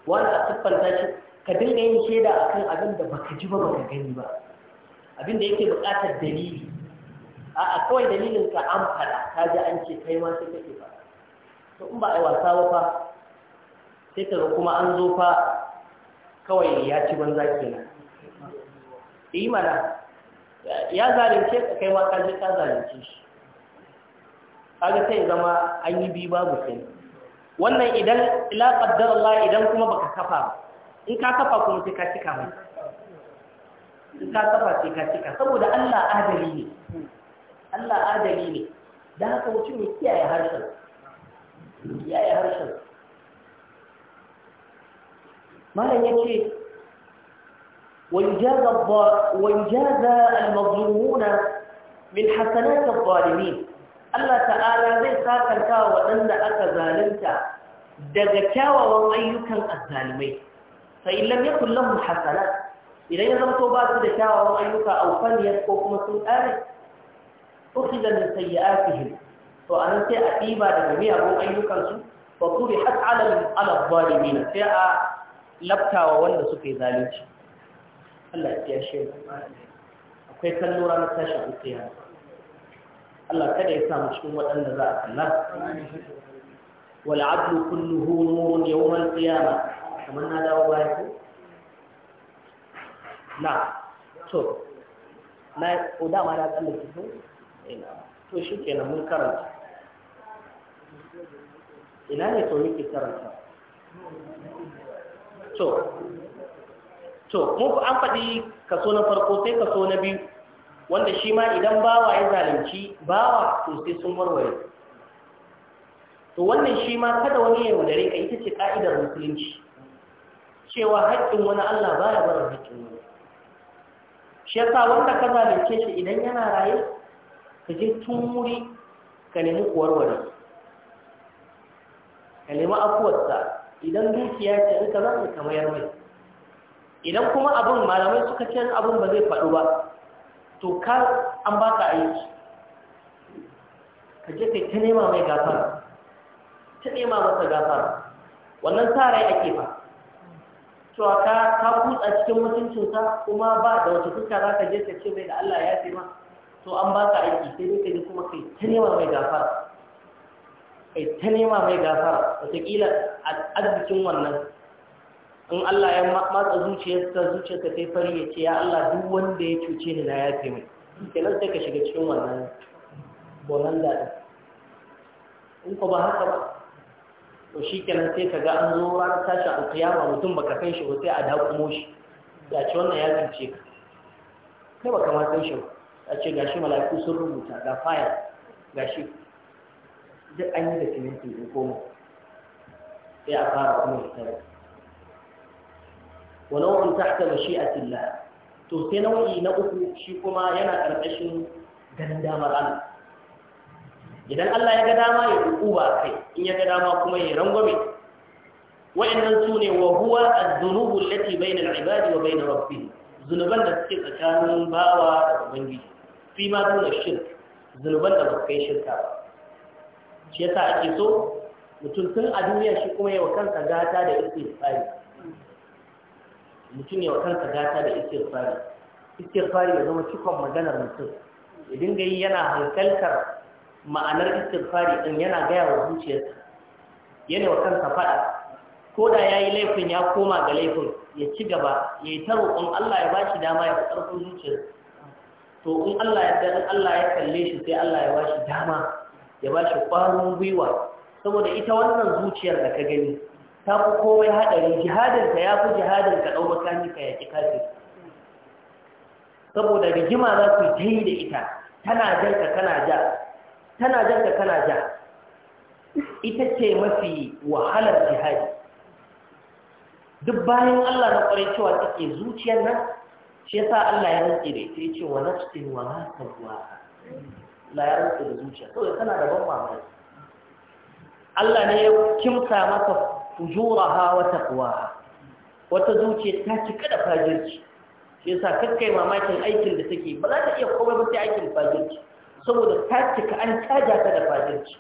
wani a siffanta shi ka dinga yin shaida kan abin da baka ji ba baka gani ba abin da yake buƙatar dalili a'a kawai dalilin ka an faɗa ta ji an ce kai ma sai kake ba to in ba a yi wasa ba fa sai ka kuma an zo fa kawai ya ci banza kenan yi eh mana ya zalunce ka kai ma ka je ka zalunce shi kaga sai zama an yi biyu babu sai wannan idan ila qaddar Allah idan kuma baka kafa ba in ka kafa kuma sai ka cika mai in ka kafa sai ka cika saboda Allah adali ne Allah adali ne da haka mutum ya kiyaye harshen kiyaye harshen malam yace ويجازى ويجازى المظلومون من حسنات الظالمين Allah ta'ala zai sakanta waɗanda aka zalunta daga kyawawan ayyukan azzalimai fa in lam yakul lahum hasanat idan ya zanto ba su da kyawawan ayyuka a faniyat ko kuma sun da kare ya min sayyi'atihim to anan sai a diba daga ayyukansu ba su wa turihat ala ala zalimin sai a labtawa wanda suka yi zalunci Allah ya shi akwai kallo ranar tashin alƙiyama Allah kada ya sa mu cikin waɗanda za a kalla wal adlu kulluhu nurun yawmal qiyamah kamar na dawo baya ko na to na ko dama na tsallake ko ina to shi kenan mun karanta ina ne to yake karanta to to mu an faɗi kaso na farko sai kaso na biyu wanda shi ma idan bawa ya zalunci bawa to sai sun warware to wannan shi ma kada wani ya yaudare ka ita ce ka'idar musulunci cewa haƙƙin wani Allah ba ya barin haƙƙin wani shi yasa wanda ka zalunce shi idan yana raye ka je tun wuri ka nemi kuwarware ka nemi afuwarsa idan dukiya ce in ka za ka mayar mai idan kuma abin malamai suka ce abin ba zai faɗo ba to ka an baka aiki ka je ka ta nema mai gafara ta nema masa gafara wannan sa rai ake fa to ka ka kutsa cikin mutuncinsa kuma ba da wata fuska za ka je ka ce mai da Allah ya ce ma to an ba ka aiki sai dai ka ji kuma kai ta nema mai gafara kai ta nema mai gafara wataƙila arzikin wannan in Allah ya matsa zuciyarsa zuciyarsa sai fari ya ce ya Allah duk wanda ya cuce ni na yafe mai kenan sai ka shiga cikin wannan bonan daɗin in ko ba haka ba to shi kenan sai ka ga an zo ranar tashi a kiyama mutum ba ka san shi ba sai a dakumo shi ya ce wannan ya zance ka kai ba kamar san shi ba ya ce gashi mala'iku sun rubuta ga fayar gashi duk an yi da siminti in koma sai a fara kuma da hitar wa nau'in tahta mashi'atillah to sai nau'i na uku shi kuma yana ƙarƙashin ganin damar Allah idan Allah ya ga dama ya hukuma kai in ya ga dama kuma ya rangwame wa'annan su ne wa huwa az-zunubu allati bayna al-ibadi wa bayna rabbih zunuban da suke tsakanin bawa da ubangiji fi ma dole shirk zunuban da ba shirka shi yasa ake so mutum tun a duniya shi kuma yawa kansa gata da istighfari mutum yawa kansa gata da istighfari istighfari ya zama cikon maganar mutum ya dinga yi yana hankaltar ma'anar istirfari ɗin yana gaya wa zuciyarsa yana wa kansa faɗa. ko da ya yi laifin ya koma ga laifin ya ci gaba ya yi taro. In Allah ya bashi dama ya fi ƙarfin zuciyar to in Allah ya dan Allah ya kalle shi sai Allah ya bashi dama ya bashi ƙwarin gwiwa saboda ita wannan zuciyar da ka gani ta fi komai haɗari ka ya fi ka ɗau makami ka yaƙi kafin saboda rigima za su yi da ita tana janka tana ja tana jan da kana ja ita ce mafi wahalar jihadi duk bayan Allah na kwarai cewa take zuciyar nan shi yasa Allah ya rantse da ita yace wa nafsin wa ma tawwa Allah ya rantse da zuciya to tana da ban mamaki Allah ne ya kimsa maka fujuraha wa taqwaha wata zuciya ta cika da fajirci shi yasa kakkai mamakin aikin da take ba za ta iya komai ba sai aikin fajirci saboda ta cika an caja ta da fajirci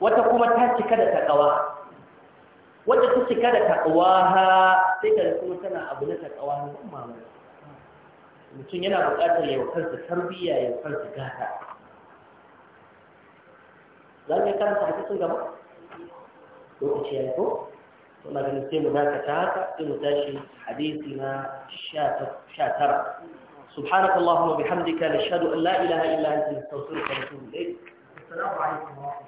wata kuma ta cika da takawa wata ta cika da takawa ha sai ka kuma tana abu na takawa na umma mutum yana buƙatar yau kansa tarbiyya yau kansa gata za mu karanta hadisin gaba lokaci ya yi ko suna ganin sai mu dakata haka sai mu tashi hadisi na sha tara سبحانك اللهم وبحمدك نشهد أن لا إله إلا أنت نستغفرك ونتوب إليك السلام عليكم ورحمة الله